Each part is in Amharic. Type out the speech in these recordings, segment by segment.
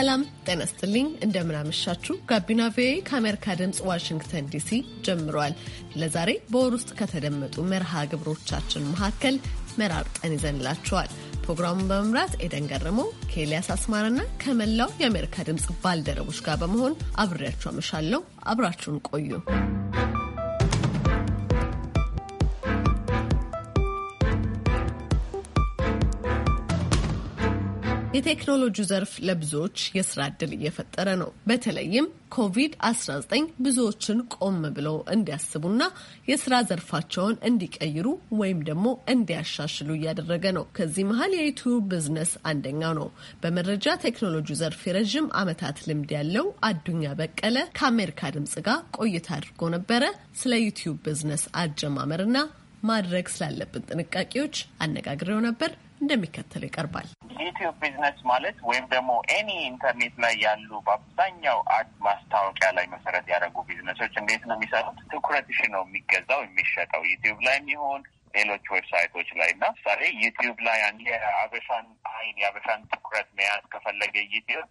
ሰላም ጤና እንደምናመሻችሁ። ጋቢና ቪኦኤ ከአሜሪካ ድምፅ ዋሽንግተን ዲሲ ጀምሯል። ለዛሬ በወር ውስጥ ከተደመጡ መርሃ ግብሮቻችን መካከል መራርጠን ይዘንላችኋል። ፕሮግራሙን በመምራት ኤደን ገረመው ከኤልያስ አስማረና ከመላው የአሜሪካ ድምፅ ባልደረቦች ጋር በመሆን አብሬያችሁ አመሻለሁ። አብራችሁን ቆዩ። የቴክኖሎጂ ዘርፍ ለብዙዎች የስራ እድል እየፈጠረ ነው። በተለይም ኮቪድ-19 ብዙዎችን ቆም ብለው እንዲያስቡና የስራ ዘርፋቸውን እንዲቀይሩ ወይም ደግሞ እንዲያሻሽሉ እያደረገ ነው። ከዚህ መሀል የዩቲዩብ ቢዝነስ አንደኛው ነው። በመረጃ ቴክኖሎጂ ዘርፍ የረዥም ዓመታት ልምድ ያለው አዱኛ በቀለ ከአሜሪካ ድምጽ ጋር ቆይታ አድርጎ ነበረ። ስለ ዩቲዩብ ቢዝነስ አጀማመርና ማድረግ ስላለብን ጥንቃቄዎች አነጋግሬው ነበር። እንደሚከተል ይቀርባል። ዩቲዩብ ቢዝነስ ማለት ወይም ደግሞ ኤኒ ኢንተርኔት ላይ ያሉ በአብዛኛው አድ ማስታወቂያ ላይ መሰረት ያደረጉ ቢዝነሶች እንዴት ነው የሚሰሩት? ትኩረትሽ ነው የሚገዛው የሚሸጠው ዩቲዩብ ላይ የሚሆን ሌሎች ዌብሳይቶች ላይ እና ምሳሌ ዩቲዩብ ላይ የአበሻን አይን የአበሻን ትኩረት መያዝ ከፈለገ ዩቲዩብ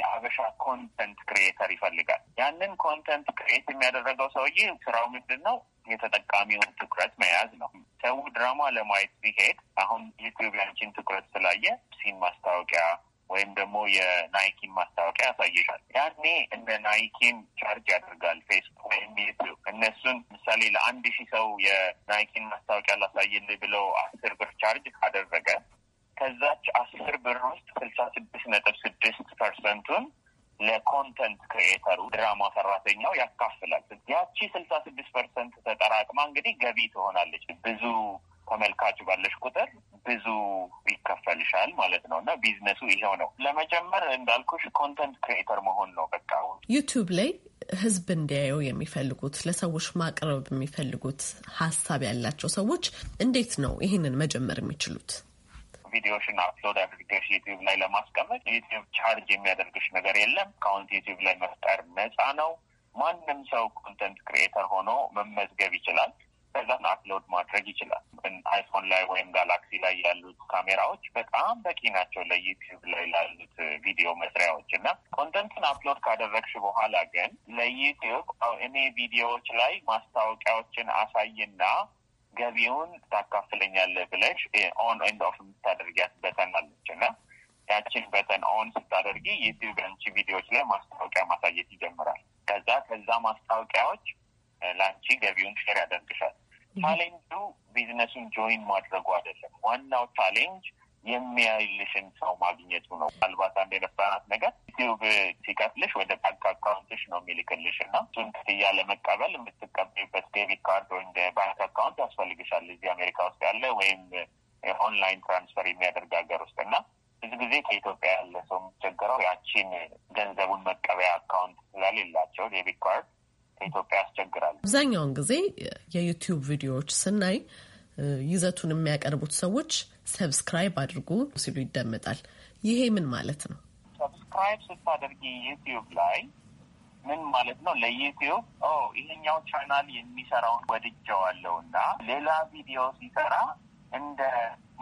የአበሻ ኮንተንት ክሪኤተር ይፈልጋል። ያንን ኮንተንት ክሪኤት የሚያደረገው ሰውዬ ስራው ምንድን ነው? የተጠቃሚውን ትኩረት መያዝ ነው። ሰው ድራማ ለማየት ቢሄድ አሁን ዩቲዩብ ያንቺን ትኩረት ስላየ ሲን ማስታወቂያ ወይም ደግሞ የናይኪን ማስታወቂያ ያሳየሻል። ያኔ እነ ናይኪን ቻርጅ ያደርጋል ፌስቡክ ወይም ዩቲዩብ። እነሱን ምሳሌ ለአንድ ሺህ ሰው የናይኪን ማስታወቂያ ላሳይል ብለው አስር ብር ቻርጅ ካደረገ ከዛች አስር ብር ውስጥ ስልሳ ስድስት ነጥብ ስድስት ፐርሰንቱን ለኮንተንት ክሬተሩ ድራማ ሰራተኛው ያካፍላል። ያቺ ስልሳ ስድስት ፐርሰንት ተጠራቅማ እንግዲህ ገቢ ትሆናለች። ብዙ ተመልካች ባለሽ ቁጥር ብዙ ይከፈልሻል ማለት ነው። እና ቢዝነሱ ይሄው ነው። ለመጀመር እንዳልኩሽ ኮንተንት ክሬተር መሆን ነው በቃ። ዩቲዩብ ላይ ህዝብ እንዲያየው የሚፈልጉት ለሰዎች ማቅረብ የሚፈልጉት ሀሳብ ያላቸው ሰዎች እንዴት ነው ይህንን መጀመር የሚችሉት? ቪዲዮሽን አፕሎድ አድርገሽ ዩቲዩብ ላይ ለማስቀመጥ ዩቲዩብ ቻርጅ የሚያደርግሽ ነገር የለም። አካውንት ዩቲዩብ ላይ መፍጠር ነፃ ነው። ማንም ሰው ኮንተንት ክሪኤተር ሆኖ መመዝገብ ይችላል። ከዛን አፕሎድ ማድረግ ይችላል። አይፎን ላይ ወይም ጋላክሲ ላይ ያሉት ካሜራዎች በጣም በቂ ናቸው ለዩቲዩብ ላይ ላሉት ቪዲዮ መስሪያዎች እና ኮንተንትን አፕሎድ ካደረግሽ በኋላ ግን ለዩቲዩብ እኔ ቪዲዮዎች ላይ ማስታወቂያዎችን አሳይና ገቢውን ታካፍለኛለህ ብለሽ ኦን ኤንድ ኦፍ የምታደርጊያት በተን አለች እና ያችን በተን ኦን ስታደርጊ ዩቲዩብ አንቺ ቪዲዮዎች ላይ ማስታወቂያ ማሳየት ይጀምራል። ከዛ ከዛ ማስታወቂያዎች ለአንቺ ገቢውን ሼር ያደርግሻል። ቻሌንጁ ቢዝነሱን ጆይን ማድረጉ አይደለም። ዋናው ቻሌንጅ የሚያይልሽን ሰው ማግኘቱ ነው። አልባት አንድ የነበራት ነገር ዩቲዩብ ሲከፍልሽ ወደ ባንክ አካውንትሽ ነው የሚልክልሽ እና እሱን ክፍያ ለመቀበል የምትቀበይበት ዴቢት ካርድ ወይም ባንክ አካውንት ያስፈልግሻል። እዚህ አሜሪካ ውስጥ ያለ ወይም ኦንላይን ትራንስፈር የሚያደርግ ሀገር ውስጥ እና ብዙ ጊዜ ከኢትዮጵያ ያለ ሰው የሚቸገረው ያቺን ገንዘቡን መቀበያ አካውንት ስለሌላቸው ዴቢት ካርድ ከኢትዮጵያ ያስቸግራል። አብዛኛውን ጊዜ የዩቲዩብ ቪዲዮዎች ስናይ ይዘቱን የሚያቀርቡት ሰዎች ሰብስክራይብ አድርጉ ሲሉ ይደመጣል። ይሄ ምን ማለት ነው? ሰብስክራይብ ስታደርጊ ዩቲዩብ ላይ ምን ማለት ነው? ለዩቲዩብ ይሄኛው ቻናል የሚሰራውን ወድጀዋለሁ እና ሌላ ቪዲዮ ሲሰራ እንደ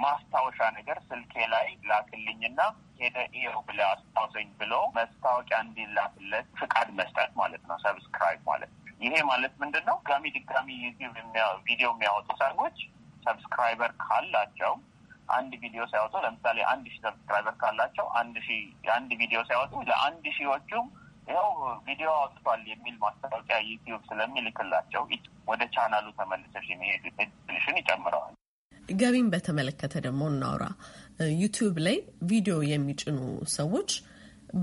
ማስታወሻ ነገር ስልኬ ላይ ላክልኝና ሄደ ይኸው ብለ አስታውሰኝ ብሎ መስታወቂያ እንዲላክለት ፍቃድ መስጠት ማለት ነው። ሰብስክራይብ ማለት ይሄ ማለት ምንድን ነው? ድጋሚ ድጋሚ ዩቲዩብ ቪዲዮ የሚያወጡ ሰዎች ሰብስክራይበር ካላቸው አንድ ቪዲዮ ሲያወጡ ለምሳሌ አንድ ሺህ ሰብስክራይበር ካላቸው አንድ ሺህ አንድ ቪዲዮ ሲያወጡ ለአንድ ሺዎቹም ይኸው ቪዲዮ አውጥቷል የሚል ማስታወቂያ ዩቲዩብ ስለሚልክላቸው ወደ ቻናሉ ተመልሰሽ የሚሄዱ ትንሽን ይጨምረዋል። ገቢን በተመለከተ ደግሞ እናውራ። ዩቲዩብ ላይ ቪዲዮ የሚጭኑ ሰዎች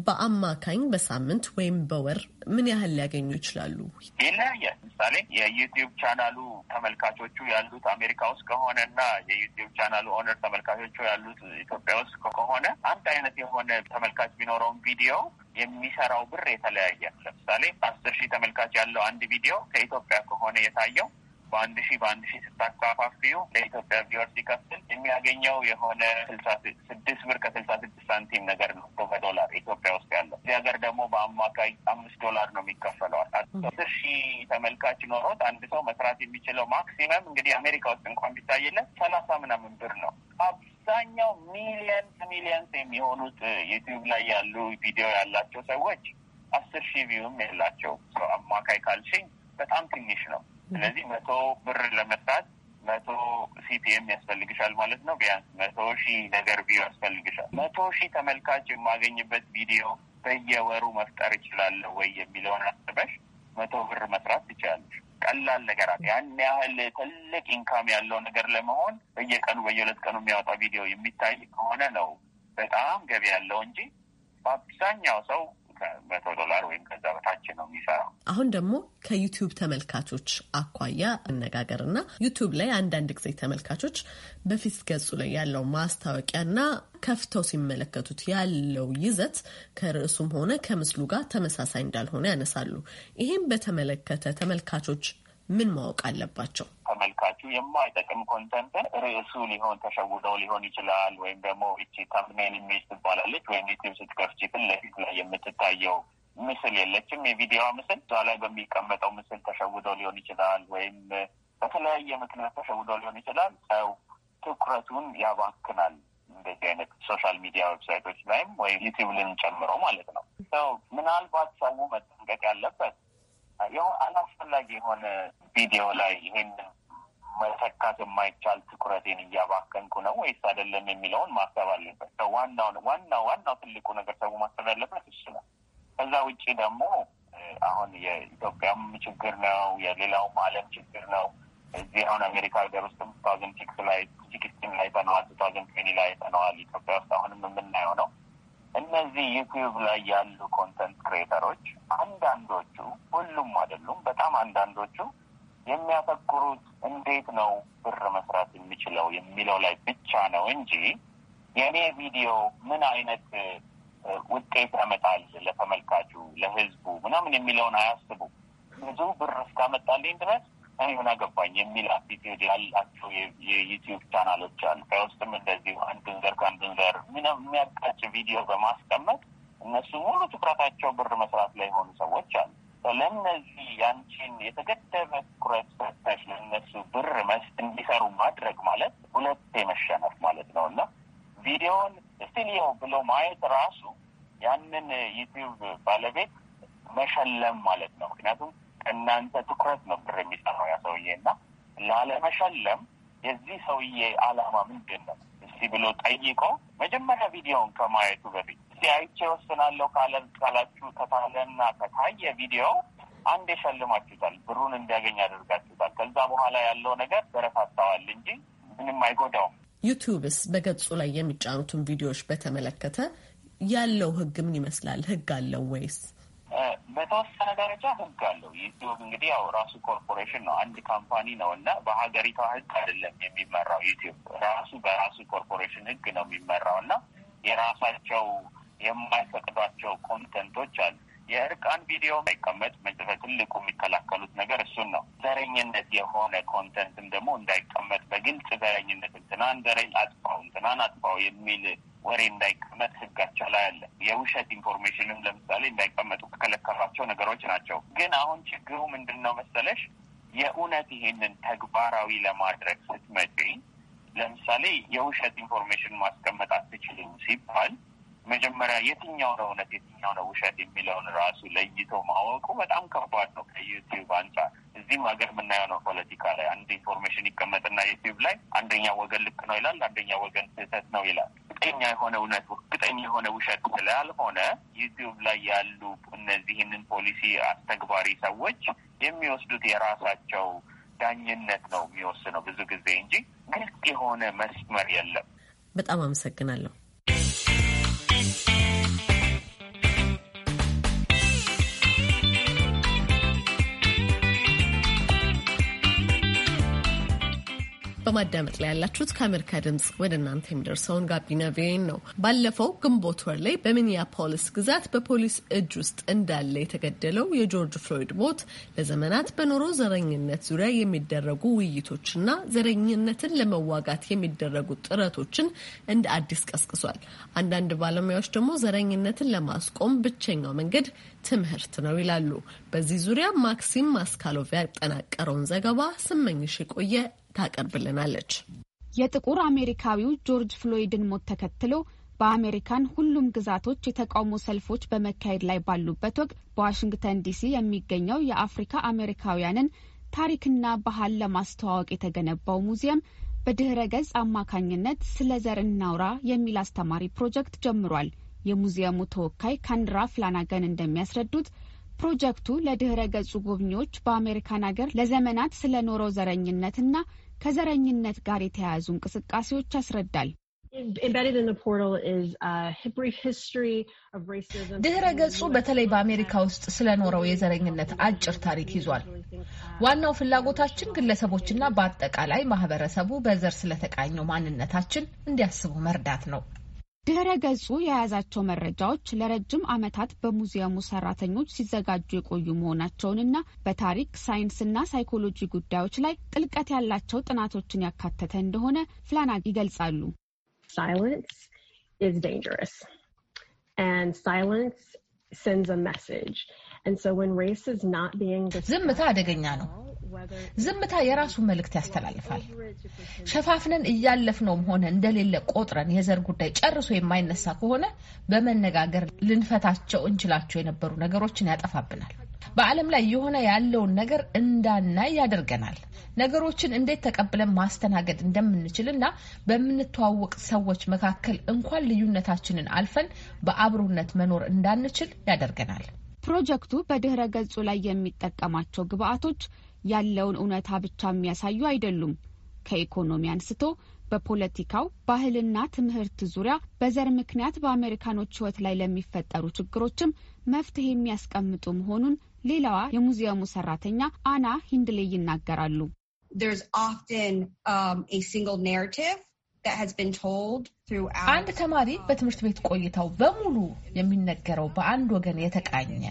በአማካኝ በሳምንት ወይም በወር ምን ያህል ሊያገኙ ይችላሉ? ይለያያል። ምሳሌ የዩቲዩብ ቻናሉ ተመልካቾቹ ያሉት አሜሪካ ውስጥ ከሆነ እና የዩቲዩብ ቻናሉ ኦነር ተመልካቾቹ ያሉት ኢትዮጵያ ውስጥ ከሆነ አንድ አይነት የሆነ ተመልካች ቢኖረውን ቪዲዮ የሚሰራው ብር የተለያየ። ለምሳሌ አስር ሺህ ተመልካች ያለው አንድ ቪዲዮ ከኢትዮጵያ ከሆነ የታየው በአንድ ሺህ በአንድ ሺህ ስታካፋፊው ለኢትዮጵያ ቪወር ሲከፍል የሚያገኘው የሆነ ስልሳ ስድስት ብር ከስልሳ ስድስት ሳንቲም ነገር ነው በዶላር ኢትዮጵያ ውስጥ ያለው። እዚህ ሀገር ደግሞ በአማካይ አምስት ዶላር ነው የሚከፈለዋል። አስር ሺህ ተመልካች ኖሮት አንድ ሰው መስራት የሚችለው ማክሲመም እንግዲህ አሜሪካ ውስጥ እንኳን ቢታይለት ሰላሳ ምናምን ብር ነው። አብዛኛው ሚሊየንስ ሚሊየንስ የሚሆኑት ዩቲዩብ ላይ ያሉ ቪዲዮ ያላቸው ሰዎች አስር ሺህ ቪውም የላቸው። አማካይ ካልሽኝ በጣም ትንሽ ነው። ስለዚህ መቶ ብር ለመስራት መቶ ሲፒኤም ያስፈልግሻል ማለት ነው። ቢያንስ መቶ ሺህ ነገር ቢዩ ያስፈልግሻል። መቶ ሺህ ተመልካች የማገኝበት ቪዲዮ በየወሩ መፍጠር እችላለሁ ወይ የሚለውን አስበሽ መቶ ብር መስራት ትችላለሽ። ቀላል ነገራት ያን ያህል ትልቅ ኢንካም ያለው ነገር ለመሆን በየቀኑ በየሁለት ቀኑ የሚያወጣ ቪዲዮ የሚታይ ከሆነ ነው በጣም ገቢ ያለው እንጂ በአብዛኛው ሰው በመቶ ዶላር ወይም ከዛ በታች ነው የሚሰራው። አሁን ደግሞ ከዩቲዩብ ተመልካቾች አኳያ አነጋገርና ዩቲዩብ ላይ አንዳንድ ጊዜ ተመልካቾች በፊት ገጹ ላይ ያለው ማስታወቂያና ከፍተው ሲመለከቱት ያለው ይዘት ከርዕሱም ሆነ ከምስሉ ጋር ተመሳሳይ እንዳልሆነ ያነሳሉ። ይህም በተመለከተ ተመልካቾች ምን ማወቅ አለባቸው? ተመልካቹ የማይጠቅም ኮንተንትን ርዕሱ ሊሆን ተሸውደው ሊሆን ይችላል። ወይም ደግሞ እቺ ተምኔል ኢሜጅ ትባላለች። ወይም ዩቲብ ስትከፍቺ ፊት ለፊት ላይ የምትታየው ምስል የለችም። የቪዲዮ ምስል እዛ ላይ በሚቀመጠው ምስል ተሸውደው ሊሆን ይችላል። ወይም በተለያየ ምክንያት ተሸውደው ሊሆን ይችላል። ሰው ትኩረቱን ያባክናል። እንደዚህ አይነት ሶሻል ሚዲያ ዌብሳይቶች ላይም ወይም ዩቲብ ልን ጨምሮ ማለት ነው። ምናልባት ሰው መጠንቀቅ ያለበት አላስፈላጊ የሆነ ቪዲዮ ላይ ይሄን መተካት የማይቻል ትኩረቴን እያባከንኩ ነው ወይስ አይደለም የሚለውን ማሰብ አለበት። ዋናውን ዋናው ዋናው ትልቁ ነገር ሰው ማሰብ ያለበት እሱ ነው። ከዛ ውጭ ደግሞ አሁን የኢትዮጵያም ችግር ነው፣ የሌላውም ዓለም ችግር ነው። እዚህ አሁን አሜሪካ ሀገር ውስጥም ቱ ታውዘንድ ሲክስ ላይ ሲክስቲን ላይ ተነዋል፣ ቱ ታውዘንድ ትዌኒ ላይ ተነዋል። ኢትዮጵያ ውስጥ አሁንም የምናየው ነው። እነዚህ ዩቲዩብ ላይ ያሉ ኮንተንት ክሬተሮች አንዳንዶቹ፣ ሁሉም አይደሉም፣ በጣም አንዳንዶቹ የሚያተኩሩት እንዴት ነው ብር መስራት የሚችለው የሚለው ላይ ብቻ ነው እንጂ የእኔ ቪዲዮ ምን አይነት ውጤት ያመጣል ለተመልካቹ፣ ለህዝቡ ምናምን የሚለውን አያስቡም። ብዙ ብር እስካመጣልኝ ድረስ እኔ ምን አገባኝ የሚል አቲቲዩድ ያላቸው የዩቲዩብ ቻናሎች አሉ። ከውስጥም እንደዚሁ አንዱን ዘር ከአንዱን ዘር ምንም የሚያጋጭ ቪዲዮ በማስቀመጥ እነሱ ሙሉ ትኩረታቸው ብር መስራት ላይ የሆኑ ሰዎች አሉ። ለእነዚህ ያንቺን የተገደበ ትኩረት ሰጥተሽ ለእነሱ ብር መስ እንዲሰሩ ማድረግ ማለት ሁለት መሸነፍ ማለት ነው እና ቪዲዮውን ስትልየው ብሎ ማየት ራሱ ያንን ዩቲዩብ ባለቤት መሸለም ማለት ነው። ምክንያቱም እናንተ ትኩረት ነበር የሚጠራው ያ ሰውዬ እና ላለመሸለም የዚህ ሰውዬ አላማ ምንድን ነው እስቲ ብሎ ጠይቆ መጀመሪያ ቪዲዮውን ከማየቱ በፊት እስቲ አይቼ ወስናለሁ ካላችሁ ከታለና ከታየ ቪዲዮ አንዴ ሸልማችሁታል፣ ብሩን እንዲያገኝ አድርጋችሁታል። ከዛ በኋላ ያለው ነገር በረታታዋል እንጂ ምንም አይጎዳውም። ዩቲዩብስ በገጹ ላይ የሚጫኑትን ቪዲዮዎች በተመለከተ ያለው ህግ ምን ይመስላል? ህግ አለው ወይስ በተወሰነ ደረጃ ህግ አለው። ዩቲዩብ እንግዲህ ያው ራሱ ኮርፖሬሽን ነው፣ አንድ ካምፓኒ ነው እና በሀገሪቷ ህግ አይደለም የሚመራው። ዩቲዩብ ራሱ በራሱ ኮርፖሬሽን ህግ ነው የሚመራው እና የራሳቸው የማይፈቅዷቸው ኮንተንቶች አሉ። የእርቃን ቪዲዮ እንዳይቀመጥ ትልቁ የሚከላከሉት ነገር እሱን ነው። ዘረኝነት የሆነ ኮንተንትም ደግሞ እንዳይቀመጥ በግልጽ ዘረኝነት እንትናን ዘረኝ አጥፋው፣ እንትናን አጥፋው የሚል ወሬ እንዳይቀመጥ ህጋቸው ላይ አለ። የውሸት ኢንፎርሜሽንም ለምሳሌ እንዳይቀመጡ ከከለከሏቸው ነገሮች ናቸው። ግን አሁን ችግሩ ምንድን ነው መሰለሽ? የእውነት ይሄንን ተግባራዊ ለማድረግ ስትመጪ፣ ለምሳሌ የውሸት ኢንፎርሜሽን ማስቀመጥ አትችልም ሲባል መጀመሪያ የትኛው ነው እውነት የትኛው ነው ውሸት የሚለውን ራሱ ለይቶ ማወቁ በጣም ከባድ ነው። ከዩቲዩብ አንጻር እዚህም ሀገር የምናየው ነው። ፖለቲካ ላይ አንድ ኢንፎርሜሽን ይቀመጥና ዩቲዩብ ላይ አንደኛ ወገን ልክ ነው ይላል፣ አንደኛ ወገን ስህተት ነው ይላል። እርግጠኛ የሆነ እውነት እርግጠኛ የሆነ ውሸት ስላልሆነ ዩቲዩብ ላይ ያሉ እነዚህንን ፖሊሲ አስተግባሪ ሰዎች የሚወስዱት የራሳቸው ዳኝነት ነው የሚወስነው ብዙ ጊዜ እንጂ ግልጽ የሆነ መስመር የለም። በጣም አመሰግናለሁ። በማዳመጥ ላይ ያላችሁት ከአሜሪካ ድምጽ ወደ እናንተ የሚደርሰውን ጋቢና ቪኦኤን ነው። ባለፈው ግንቦት ወር ላይ በሚኒያፖሊስ ግዛት በፖሊስ እጅ ውስጥ እንዳለ የተገደለው የጆርጅ ፍሎይድ ሞት ለዘመናት በኖሮ ዘረኝነት ዙሪያ የሚደረጉ ውይይቶችና ዘረኝነትን ለመዋጋት የሚደረጉ ጥረቶችን እንደ አዲስ ቀስቅሷል። አንዳንድ ባለሙያዎች ደግሞ ዘረኝነትን ለማስቆም ብቸኛው መንገድ ትምህርት ነው ይላሉ። በዚህ ዙሪያ ማክሲም ማስካሎቭ ያጠናቀረውን ዘገባ ስመኝሽ የቆየ ታቀርብልናለች። የጥቁር አሜሪካዊው ጆርጅ ፍሎይድን ሞት ተከትሎ በአሜሪካን ሁሉም ግዛቶች የተቃውሞ ሰልፎች በመካሄድ ላይ ባሉበት ወቅት በዋሽንግተን ዲሲ የሚገኘው የአፍሪካ አሜሪካውያንን ታሪክና ባህል ለማስተዋወቅ የተገነባው ሙዚየም በድኅረ ገጽ አማካኝነት ስለ ዘር እናውራ የሚል አስተማሪ ፕሮጀክት ጀምሯል። የሙዚየሙ ተወካይ ካንድራ ፍላናገን እንደሚያስረዱት ፕሮጀክቱ ለድኅረ ገጹ ጎብኚዎች በአሜሪካን ሀገር ለዘመናት ስለ ኖረው ዘረኝነትና ከዘረኝነት ጋር የተያያዙ እንቅስቃሴዎች ያስረዳል። uh, ድህረ ገጹ በተለይ በአሜሪካ ውስጥ ስለኖረው የዘረኝነት አጭር ታሪክ ይዟል። ዋናው ፍላጎታችን ግለሰቦችና በአጠቃላይ ማህበረሰቡ በዘር ስለተቃኘው ማንነታችን እንዲያስቡ መርዳት ነው። ድህረ ገጹ የያዛቸው መረጃዎች ለረጅም ዓመታት በሙዚየሙ ሰራተኞች ሲዘጋጁ የቆዩ መሆናቸውንና በታሪክ ሳይንስና ሳይኮሎጂ ጉዳዮች ላይ ጥልቀት ያላቸው ጥናቶችን ያካተተ እንደሆነ ፍላናግ ይገልጻሉ። ዝምታ አደገኛ ነው። ዝምታ የራሱን መልእክት ያስተላልፋል። ሸፋፍነን እያለፍነውም ሆነ እንደሌለ ቆጥረን የዘር ጉዳይ ጨርሶ የማይነሳ ከሆነ በመነጋገር ልንፈታቸው እንችላቸው የነበሩ ነገሮችን ያጠፋብናል። በዓለም ላይ የሆነ ያለውን ነገር እንዳናይ ያደርገናል። ነገሮችን እንዴት ተቀብለን ማስተናገድ እንደምንችል እና በምንተዋወቅ ሰዎች መካከል እንኳን ልዩነታችንን አልፈን በአብሮነት መኖር እንዳንችል ያደርገናል። ፕሮጀክቱ በድኅረ ገጹ ላይ የሚጠቀማቸው ግብአቶች ያለውን እውነታ ብቻ የሚያሳዩ አይደሉም። ከኢኮኖሚ አንስቶ በፖለቲካው ባህልና ትምህርት ዙሪያ በዘር ምክንያት በአሜሪካኖች ሕይወት ላይ ለሚፈጠሩ ችግሮችም መፍትሄ የሚያስቀምጡ መሆኑን ሌላዋ የሙዚየሙ ሰራተኛ አና ሂንድሌ ይናገራሉ። There's often um, a single narrative አንድ ተማሪ በትምህርት ቤት ቆይታው በሙሉ የሚነገረው በአንድ ወገን የተቃኘ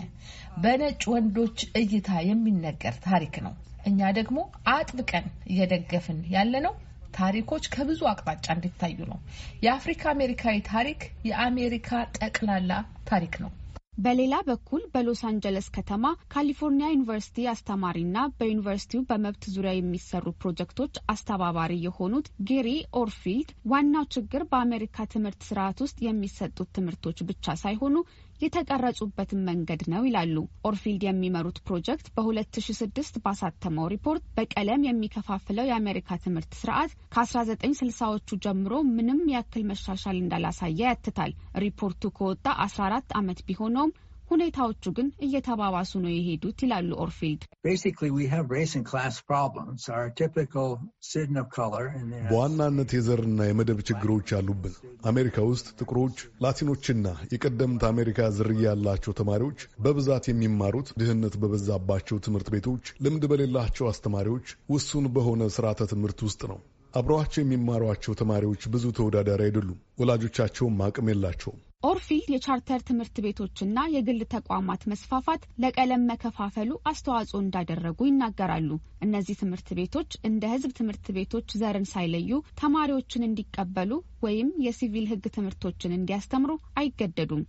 በነጭ ወንዶች እይታ የሚነገር ታሪክ ነው። እኛ ደግሞ አጥብቀን እየደገፍን ያለነው ታሪኮች ከብዙ አቅጣጫ እንዲታዩ ነው። የአፍሪካ አሜሪካዊ ታሪክ የአሜሪካ ጠቅላላ ታሪክ ነው። በሌላ በኩል በሎስ አንጀለስ ከተማ ካሊፎርኒያ ዩኒቨርሲቲ አስተማሪና በዩኒቨርሲቲው በመብት ዙሪያ የሚሰሩ ፕሮጀክቶች አስተባባሪ የሆኑት ጌሪ ኦርፊልድ ዋናው ችግር በአሜሪካ ትምህርት ስርዓት ውስጥ የሚሰጡት ትምህርቶች ብቻ ሳይሆኑ የተቀረጹበትን መንገድ ነው ይላሉ። ኦርፊልድ የሚመሩት ፕሮጀክት በ2006 ባሳተመው ሪፖርት በቀለም የሚከፋፍለው የአሜሪካ ትምህርት ስርዓት ከ1960ዎቹ ጀምሮ ምንም ያክል መሻሻል እንዳላሳየ ያትታል። ሪፖርቱ ከወጣ 14 ዓመት ቢሆነውም ሁኔታዎቹ ግን እየተባባሱ ነው የሄዱት ይላሉ ኦርፊልድ። በዋናነት የዘርና የመደብ ችግሮች አሉብን። አሜሪካ ውስጥ ጥቁሮች፣ ላቲኖችና የቀደምት አሜሪካ ዝርያ ያላቸው ተማሪዎች በብዛት የሚማሩት ድህነት በበዛባቸው ትምህርት ቤቶች፣ ልምድ በሌላቸው አስተማሪዎች፣ ውሱን በሆነ ስርዓተ ትምህርት ውስጥ ነው። አብረዋቸው የሚማሯቸው ተማሪዎች ብዙ ተወዳዳሪ አይደሉም። ወላጆቻቸውም አቅም የላቸውም። ኦርፊ የቻርተር ትምህርት ቤቶችና የግል ተቋማት መስፋፋት ለቀለም መከፋፈሉ አስተዋጽኦ እንዳደረጉ ይናገራሉ። እነዚህ ትምህርት ቤቶች እንደ ሕዝብ ትምህርት ቤቶች ዘርን ሳይለዩ ተማሪዎችን እንዲቀበሉ ወይም የሲቪል ሕግ ትምህርቶችን እንዲያስተምሩ አይገደዱም።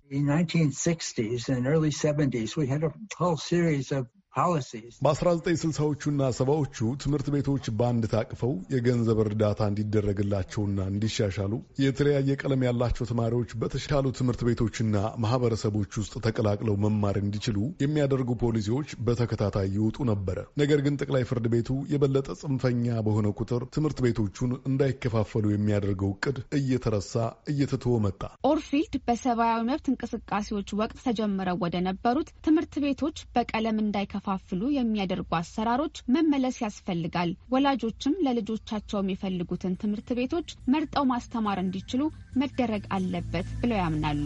በ1960ዎቹና ሰባዎቹ ትምህርት ቤቶች በአንድ ታቅፈው የገንዘብ እርዳታ እንዲደረግላቸውና እንዲሻሻሉ የተለያየ ቀለም ያላቸው ተማሪዎች በተሻሉ ትምህርት ቤቶችና ማህበረሰቦች ውስጥ ተቀላቅለው መማር እንዲችሉ የሚያደርጉ ፖሊሲዎች በተከታታይ ይወጡ ነበረ። ነገር ግን ጠቅላይ ፍርድ ቤቱ የበለጠ ጽንፈኛ በሆነ ቁጥር ትምህርት ቤቶቹን እንዳይከፋፈሉ የሚያደርገው እቅድ እየተረሳ እየተተወ መጣ። ኦርፊልድ በሰብአዊ መብት እንቅስቃሴዎች ወቅት ተጀምረው ወደ ነበሩት ትምህርት ቤቶች በቀለም እንዳይከፋ እንዲያከፋፍሉ የሚያደርጉ አሰራሮች መመለስ ያስፈልጋል። ወላጆችም ለልጆቻቸው የሚፈልጉትን ትምህርት ቤቶች መርጠው ማስተማር እንዲችሉ መደረግ አለበት ብለው ያምናሉ።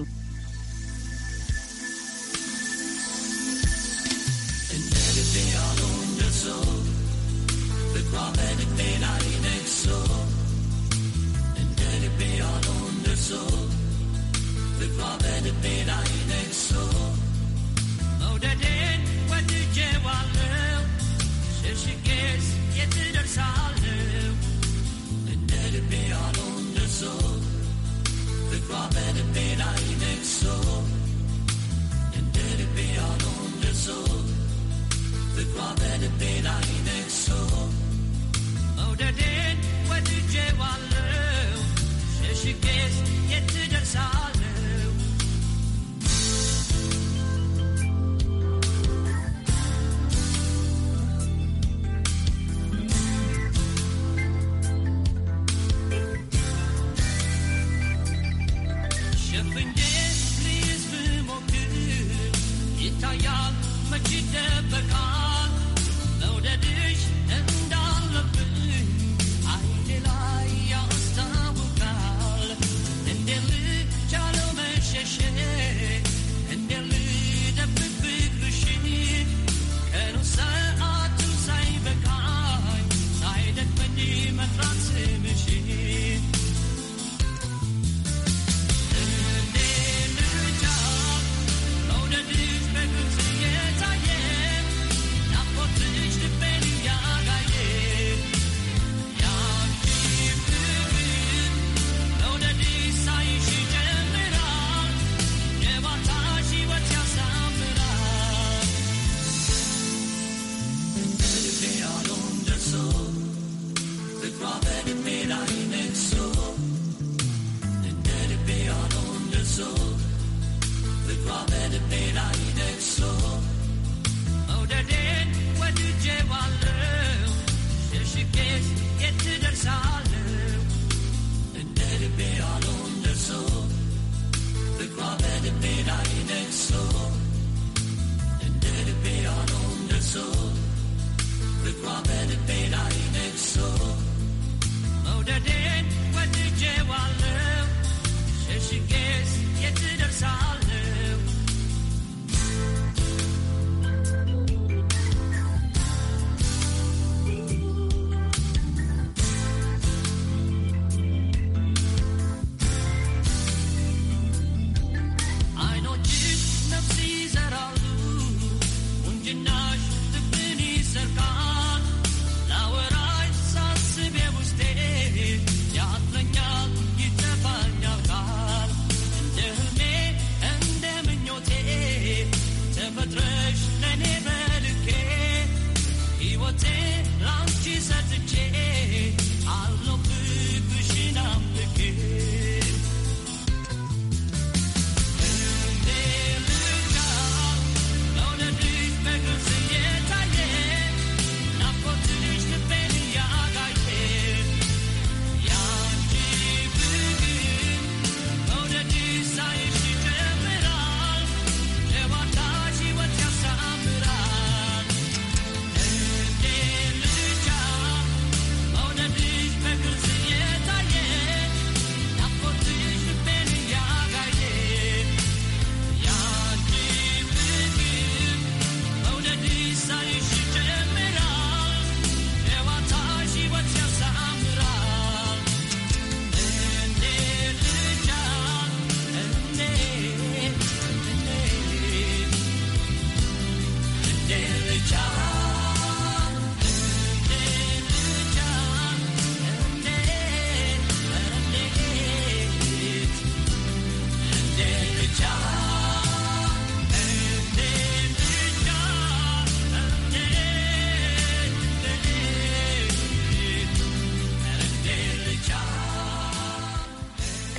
so better than I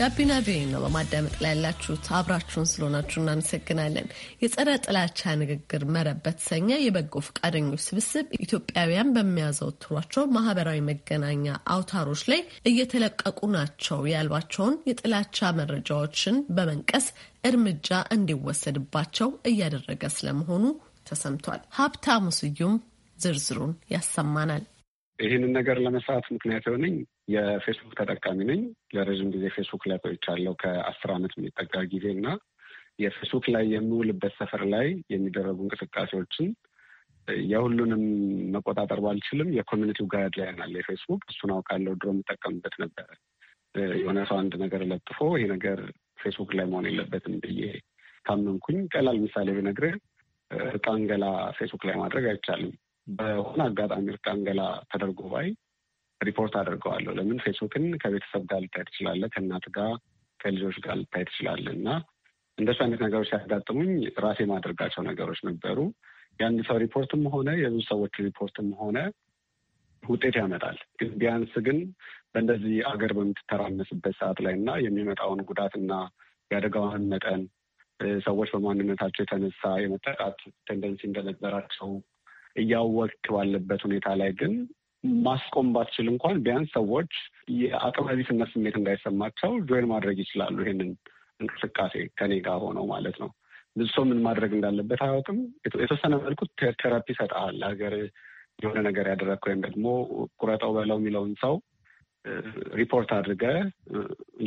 ጋቢና ቤ ነው በማዳመጥ ላይ ያላችሁት። አብራችሁን ስለሆናችሁ እናመሰግናለን። የጸረ ጥላቻ ንግግር መረብ በተሰኘ የበጎ ፈቃደኞች ስብስብ ኢትዮጵያውያን በሚያዘወትሯቸው ማህበራዊ መገናኛ አውታሮች ላይ እየተለቀቁ ናቸው ያሏቸውን የጥላቻ መረጃዎችን በመንቀስ እርምጃ እንዲወሰድባቸው እያደረገ ስለመሆኑ ተሰምቷል። ሀብታሙ ስዩም ዝርዝሩን ያሰማናል። ይህንን ነገር ለመስራት ምክንያት የሆነኝ የፌስቡክ ተጠቃሚ ነኝ። ለረዥም ጊዜ ፌስቡክ ላይ ቆይቻለሁ ከአስር ዓመት የሚጠጋ ጊዜ እና የፌስቡክ ላይ የምውልበት ሰፈር ላይ የሚደረጉ እንቅስቃሴዎችን የሁሉንም መቆጣጠር ባልችልም የኮሚኒቲው ጋይድ ላይ አለ የፌስቡክ እሱን አውቃለሁ። ድሮ የምጠቀምበት ነበረ። የሆነ ሰው አንድ ነገር ለጥፎ ይሄ ነገር ፌስቡክ ላይ መሆን የለበትም ብዬ ካመንኩኝ፣ ቀላል ምሳሌ ብነግርህ እርቃን ገላ ፌስቡክ ላይ ማድረግ አይቻልም። በሆነ አጋጣሚ እርቃን ገላ ተደርጎ ባይ ሪፖርት አድርገዋለሁ። ለምን ፌስቡክን ከቤተሰብ ጋር ልታይ ትችላለህ፣ ከእናት ጋር ከልጆች ጋር ልታይ ትችላለህ። እና እንደሱ አይነት ነገሮች ሲያጋጥሙኝ ራሴ ማድረጋቸው ነገሮች ነበሩ። የአንድ ሰው ሪፖርትም ሆነ የብዙ ሰዎች ሪፖርትም ሆነ ውጤት ያመጣል። ግን ቢያንስ ግን በእንደዚህ አገር በምትተራመስበት ሰዓት ላይ እና የሚመጣውን ጉዳትና የአደጋውን መጠን ሰዎች በማንነታቸው የተነሳ የመጠቃት ቴንደንሲ እንደነበራቸው እያወቅ ባለበት ሁኔታ ላይ ግን ማስቆም ባትችል እንኳን ቢያንስ ሰዎች የአቅመቢስነት ስሜት እንዳይሰማቸው ጆይን ማድረግ ይችላሉ። ይሄንን እንቅስቃሴ ከኔ ጋር ሆነው ማለት ነው። ብዙ ሰው ምን ማድረግ እንዳለበት አያውቅም። የተወሰነ መልኩ ቴራፒ ይሰጥሃል። ሀገር የሆነ ነገር ያደረግ ወይም ደግሞ ቁረጠው በለው የሚለውን ሰው ሪፖርት አድርገ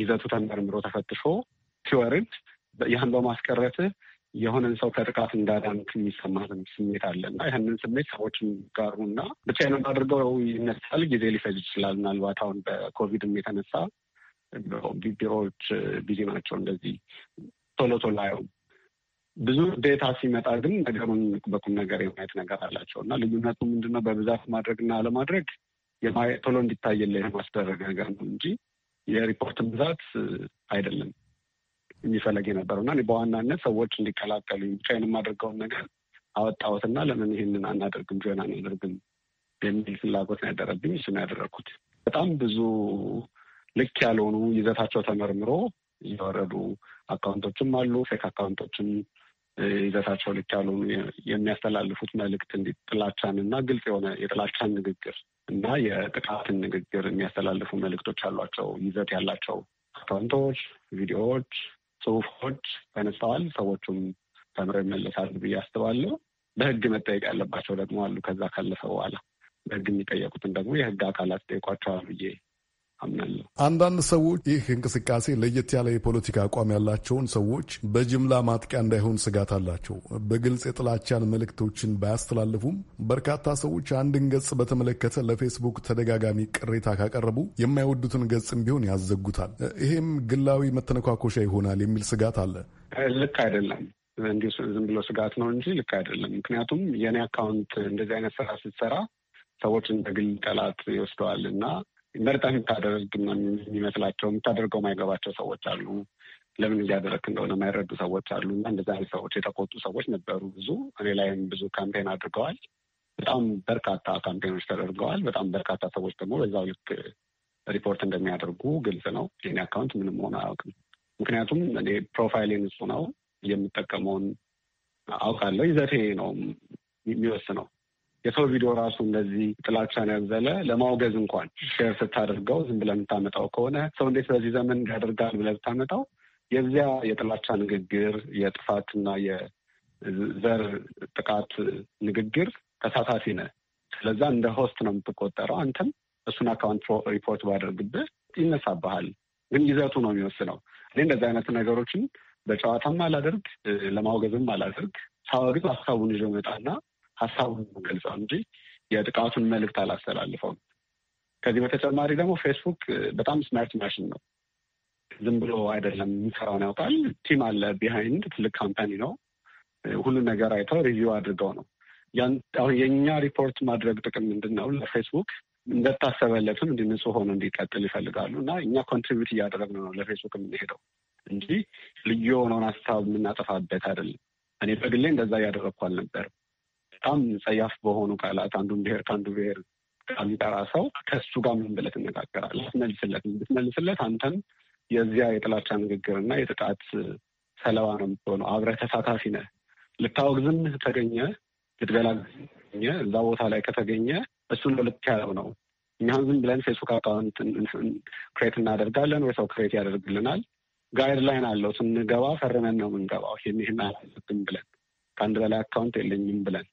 ይዘቱ ተመርምሮ ተፈትሾ ሲወርድ ይህን በማስቀረት የሆነን ሰው ከጥቃት እንዳዳንክ የሚሰማህ ስሜት አለ እና ይህንን ስሜት ሰዎች የሚጋሩ እና ብቻዬን አድርገው ይነሳል። ጊዜ ሊፈጅ ይችላል። ምናልባት አሁን በኮቪድም የተነሳ ቢሮዎች ቢዚ ናቸው። እንደዚህ ቶሎ ቶሎ አየውም ብዙ ዴታ ሲመጣ ግን ነገሩን በቁም ነገር የማየት ነገር አላቸው እና ልዩነቱ ምንድነው? በብዛት ማድረግና አለማድረግ ቶሎ እንዲታየለ የማስደረግ ነገር ነው እንጂ የሪፖርትን ብዛት አይደለም። የሚፈለግ የነበረው እና በዋናነት ሰዎች እንዲቀላቀሉ ብቻዬን የማደርገውን ነገር አወጣሁትና ለምን ይህንን አናደርግም ጆና አናደርግም የሚል ፍላጎት ያደረብኝ። እሱ ያደረግኩት። በጣም ብዙ ልክ ያልሆኑ ይዘታቸው ተመርምሮ እየወረዱ አካውንቶችም አሉ። ፌክ አካውንቶችም ይዘታቸው ልክ ያልሆኑ የሚያስተላልፉት መልእክት እንዲህ ጥላቻን እና ግልጽ የሆነ የጥላቻን ንግግር እና የጥቃትን ንግግር የሚያስተላልፉ መልእክቶች አሏቸው። ይዘት ያላቸው አካውንቶች፣ ቪዲዮዎች ጽሁፎች ተነስተዋል። ሰዎቹም ተምረው ይመለሳሉ ብዬ አስባለሁ። በህግ መጠየቅ ያለባቸው ደግሞ አሉ። ከዛ ካለፈ በኋላ በህግ የሚጠየቁትን ደግሞ የህግ አካላት ጠይቋቸዋል ብዬ አምናለሁ። አንዳንድ ሰዎች ይህ እንቅስቃሴ ለየት ያለ የፖለቲካ አቋም ያላቸውን ሰዎች በጅምላ ማጥቂያ እንዳይሆን ስጋት አላቸው። በግልጽ የጥላቻን መልእክቶችን ባያስተላልፉም በርካታ ሰዎች አንድን ገጽ በተመለከተ ለፌስቡክ ተደጋጋሚ ቅሬታ ካቀረቡ የማይወዱትን ገጽም ቢሆን ያዘጉታል። ይሄም ግላዊ መተነኳኮሻ ይሆናል የሚል ስጋት አለ። ልክ አይደለም። እንዲሁ ዝም ብሎ ስጋት ነው እንጂ ልክ አይደለም። ምክንያቱም የኔ አካውንት እንደዚህ አይነት ስራ ስትሰራ ሰዎች እንደ ግል ጠላት ይወስደዋል እና መርጠህ የምታደርግ የሚመስላቸው የምታደርገው ማይገባቸው ሰዎች አሉ። ለምን እያደረክ እንደሆነ የማይረዱ ሰዎች አሉ። እና እንደዚ አይነት ሰዎች የተቆጡ ሰዎች ነበሩ ብዙ። እኔ ላይም ብዙ ካምፔን አድርገዋል። በጣም በርካታ ካምፔኖች ተደርገዋል። በጣም በርካታ ሰዎች ደግሞ በዛው ልክ ሪፖርት እንደሚያደርጉ ግልጽ ነው። የኔ አካውንት ምንም ሆነ አያውቅም። ምክንያቱም እኔ ፕሮፋይሌ ንጹህ ነው። የምጠቀመውን አውቃለሁ። ይዘቴ ነው የሚወስነው። የሰው ቪዲዮ ራሱ እንደዚህ ጥላቻን ያዘለ ለማውገዝ እንኳን ሼር ስታደርገው ዝም ብለህ የምታመጣው ከሆነ ሰው እንዴት በዚህ ዘመን ያደርጋል ብለህ ብታመጣው የዚያ የጥላቻ ንግግር የጥፋትና የዘር ጥቃት ንግግር ተሳታፊ ነህ። ስለዛ እንደ ሆስት ነው የምትቆጠረው። አንተም እሱን አካውንት ሪፖርት ባደርግብህ ይነሳብሃል። ግን ይዘቱ ነው የሚወስነው። እኔ እንደዚህ አይነት ነገሮችን በጨዋታም አላደርግ ለማውገዝም አላደርግ ሳወግዝ ሀሳቡን ይዞ መጣና ሀሳቡን ገልጸው እንጂ የጥቃቱን መልእክት አላስተላልፈውም። ከዚህ በተጨማሪ ደግሞ ፌስቡክ በጣም ስማርት ማሽን ነው። ዝም ብሎ አይደለም የሚሰራውን ያውቃል። ቲም አለ ቢሃይንድ፣ ትልቅ ካምፓኒ ነው። ሁሉን ነገር አይተው ሪቪው አድርገው ነው። አሁን የእኛ ሪፖርት ማድረግ ጥቅም ምንድን ነው? ለፌስቡክ እንደታሰበለትም እንዲ ንጹህ ሆኖ እንዲቀጥል ይፈልጋሉ እና እኛ ኮንትሪቢዩት እያደረግን ነው ለፌስቡክ የምንሄደው እንጂ ልዩ የሆነውን ሀሳብ የምናጠፋበት አይደለም። እኔ በግሌ እንደዛ እያደረግኩ አልነበርም። በጣም ጸያፍ በሆኑ ቃላት አንዱን ብሔር ከአንዱ ብሔር ከሚጠራ ሰው ከሱ ጋር ምን ብለህ ትነጋገራለህ? ትመልስለት ብትመልስለት አንተም የዚያ የጥላቻ ንግግርና የጥቃት ሰለባ ነው የምትሆነው። አብረህ ተሳታፊ ነህ። ልታወግዝም ተገኘ ልትገላ ገኘ እዛ ቦታ ላይ ከተገኘ እሱ ነው ልክ ያለው ነው። እኛም ዝም ብለን ፌስቡክ አካውንት ክሬት እናደርጋለን ወይ ሰው ክሬት ያደርግልናል። ጋይድላይን አለው ስንገባ ፈርመን ነው የምንገባው። ይህን ብለን ከአንድ በላይ አካውንት የለኝም ብለን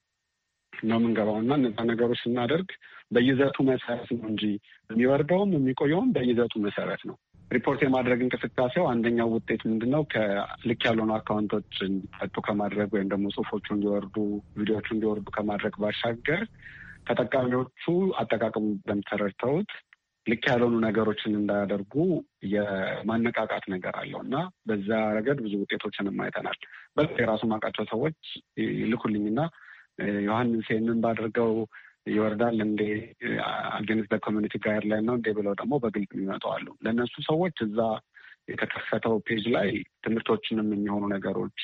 ነው የምንገባው እና እነዛ ነገሮች ስናደርግ በይዘቱ መሰረት ነው እንጂ የሚወርደውም የሚቆየውም በይዘቱ መሰረት ነው። ሪፖርት የማድረግ እንቅስቃሴው አንደኛው ውጤት ምንድን ነው? ከልክ ያልሆኑ አካውንቶች እንዲጠጡ ከማድረግ ወይም ደግሞ ጽሁፎቹ እንዲወርዱ፣ ቪዲዮቹ እንዲወርዱ ከማድረግ ባሻገር ተጠቃሚዎቹ አጠቃቀሙ በምተረድተውት ልክ ያልሆኑ ነገሮችን እንዳያደርጉ የማነቃቃት ነገር አለው እና በዛ ረገድ ብዙ ውጤቶችንም አይተናል። በ የራሱ ማውቃቸው ሰዎች ይልኩልኝና ዮሐንስ ይህንን ባድርገው ይወርዳል እንዴ? በኮሚኒቲ ጋር ላይ ነው እንዴ? ብለው ደግሞ በግልጽ የሚመጡ አሉ። ለእነሱ ሰዎች እዛ የተከፈተው ፔጅ ላይ ትምህርቶችንም የሚሆኑ ነገሮች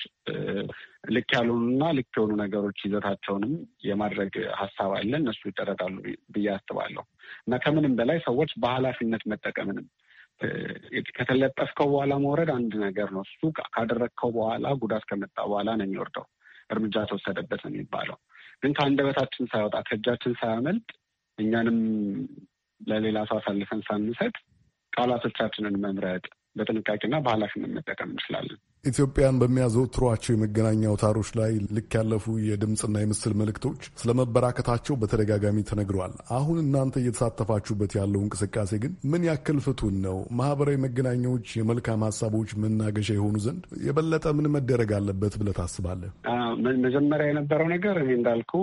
ልክ ያልሆኑና ልክ የሆኑ ነገሮች ይዘታቸውንም የማድረግ ሀሳብ አለ። እነሱ ይጠረጣሉ ብዬ አስባለሁ። እና ከምንም በላይ ሰዎች በኃላፊነት መጠቀምንም ከተለጠፍከው በኋላ መውረድ አንድ ነገር ነው። እሱ ካደረግከው በኋላ ጉዳት ከመጣ በኋላ ነው የሚወርደው። እርምጃ ተወሰደበት ነው የሚባለው። ግን ከአንደበታችን ሳይወጣ ከእጃችን ሳያመልጥ እኛንም ለሌላ ሰው አሳልፈን ሳንሰጥ ቃላቶቻችንን መምረጥ በጥንቃቄና በኃላፊነት መጠቀም እንችላለን። ኢትዮጵያን በሚያዘወትሯቸው የመገናኛ አውታሮች ላይ ልክ ያለፉ የድምፅና የምስል መልእክቶች ስለመበራከታቸው በተደጋጋሚ ተነግረዋል። አሁን እናንተ እየተሳተፋችሁበት ያለው እንቅስቃሴ ግን ምን ያክል ፍቱን ነው? ማህበራዊ መገናኛዎች የመልካም ሀሳቦች መናገሻ የሆኑ ዘንድ የበለጠ ምን መደረግ አለበት ብለህ ታስባለህ? መጀመሪያ የነበረው ነገር እኔ እንዳልኩ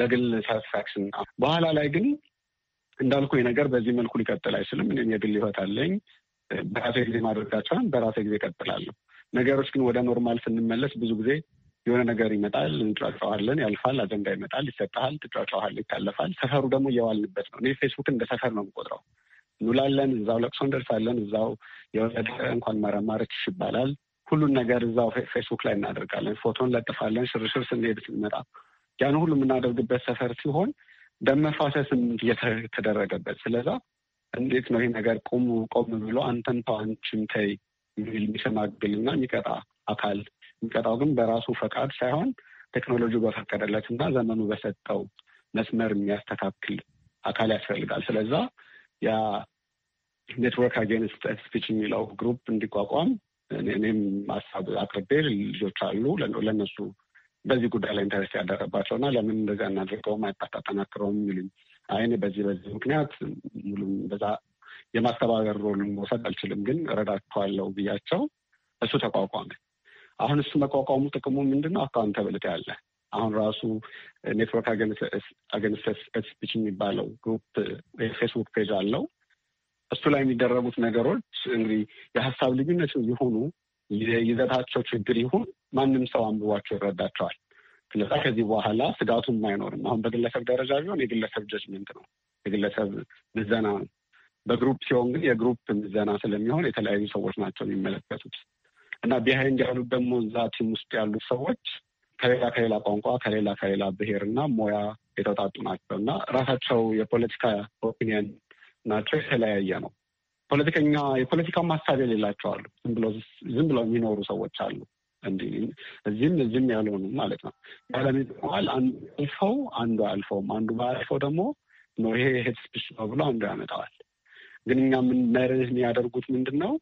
ለግል ሳትስፋክሽን በኋላ ላይ ግን እንዳልኩ ነገር በዚህ መልኩ ሊቀጥል አይችልም። እኔም የግል ህይወት አለኝ በራሴ ጊዜ ማድረጋቸውን በራሴ ጊዜ እቀጥላለሁ። ነገሮች ግን ወደ ኖርማል ስንመለስ ብዙ ጊዜ የሆነ ነገር ይመጣል፣ እንጫጫዋለን፣ ያልፋል። አጀንዳ ይመጣል፣ ይሰጠሃል፣ ትጫጫዋል፣ ይታለፋል። ሰፈሩ ደግሞ እየዋልንበት ነው። እኔ ፌስቡክ እንደ ሰፈር ነው የምቆጥረው። እንውላለን፣ እዛው ለቅሶ እንደርሳለን፣ እዛው የወለደ እንኳን መረማረችሽ ይባላል። ሁሉን ነገር እዛው ፌስቡክ ላይ እናደርጋለን። ፎቶ ለጥፋለን ሽርሽር ስንሄድ ስንመጣ ያን ሁሉ የምናደርግበት ሰፈር ሲሆን ደም መፋሰስም እየተደረገበት ስለዛ እንዴት ነው ይህ ነገር ቆም ቆም ብሎ አንተን ተው አንቺም ተይ የሚል የሚሸማግልና የሚቀጣ አካል የሚቀጣው ግን በራሱ ፈቃድ ሳይሆን ቴክኖሎጂ በፈቀደለት እና ዘመኑ በሰጠው መስመር የሚያስተካክል አካል ያስፈልጋል። ስለዛ ያ ኔትወርክ አጌንስት ስፒች የሚለው ግሩፕ እንዲቋቋም እኔም ሀሳብ አቅርቤ ልጆች አሉ ለእነሱ በዚህ ጉዳይ ላይ ኢንተረስት ያደረባቸው እና ለምን እንደዚህ አናድርገውም አይጣጣጠናክረውም የሚሉኝ አይን በዚህ በዚህ ምክንያት ሙሉም በዛ የማስተባበር ሮል መውሰድ አልችልም፣ ግን ረዳቸዋለው ብያቸው እሱ ተቋቋመ። አሁን እሱ መቋቋሙ ጥቅሙ ምንድን ነው? አካውንተብልቲ ያለ አሁን ራሱ ኔትወርክ አገንስተስ ስፒች የሚባለው ግሩፕ የፌስቡክ ፔጅ አለው። እሱ ላይ የሚደረጉት ነገሮች እንግዲህ የሀሳብ ልዩነት ይሁኑ ይዘታቸው ችግር ይሁን ማንም ሰው አንብቧቸው ይረዳቸዋል። ስለዛ ከዚህ በኋላ ስጋቱም አይኖርም። አሁን በግለሰብ ደረጃ ቢሆን የግለሰብ ጀጅመንት ነው፣ የግለሰብ ምዘና ነው። በግሩፕ ሲሆን ግን የግሩፕ ምዘና ስለሚሆን የተለያዩ ሰዎች ናቸው የሚመለከቱት እና ቢሃይንድ ያሉት ደግሞ እዛ ቲም ውስጥ ያሉት ሰዎች ከሌላ ከሌላ ቋንቋ ከሌላ ከሌላ ብሔር እና ሙያ የተውጣጡ ናቸው እና ራሳቸው የፖለቲካ ኦፒኒየን ናቸው የተለያየ ነው። ፖለቲከኛ የፖለቲካ ማሳቢያ ሌላቸው አሉ። ዝም ብለው የሚኖሩ ሰዎች አሉ። እንዲ እዚህም እዚህም ያልሆኑ ማለት ነው። ያለሚጠዋል አልፈው አንዱ አልፈውም አንዱ ባያልፈው ደግሞ ነው ይሄ ሄድ ስፒች ነው ብሎ አንዱ ያመጣዋል። ግን እኛ መርህ የሚያደርጉት ምንድን ነው?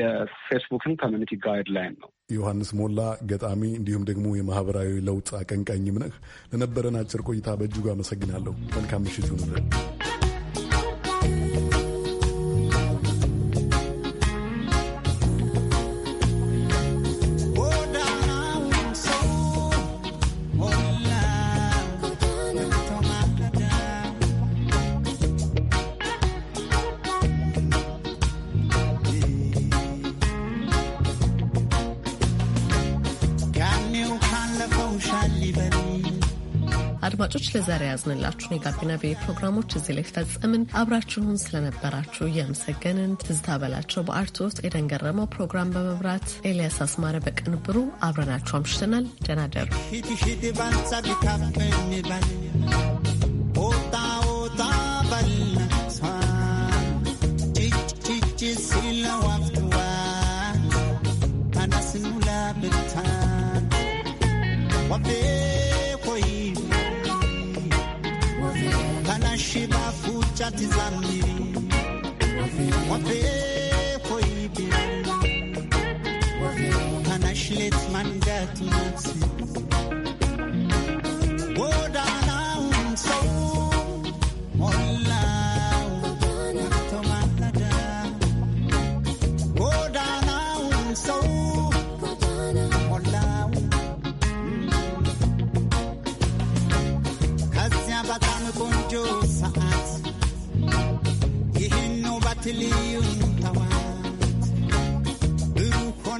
የፌስቡክን ኮሚኒቲ ጋይድላይን ነው። ዮሐንስ ሞላ ገጣሚ፣ እንዲሁም ደግሞ የማህበራዊ ለውጥ አቀንቃኝም ነህ። ለነበረን አጭር ቆይታ በእጅጉ አመሰግናለሁ። መልካም ምሽት ይሁንልን። ለዛሬ ያዝንላችሁን የጋቢና ቤ ፕሮግራሞች እዚህ ላይ ፈጸምን። አብራችሁን ስለነበራችሁ እያመሰገንን ትዝታ በላቸው በአርትዖት፣ ኤደን ገረመው ፕሮግራም በመብራት ኤልያስ አስማረ በቅንብሩ አብረናችሁ አምሽተናል። ደህና ደሩ። chati zambi wape a anashlet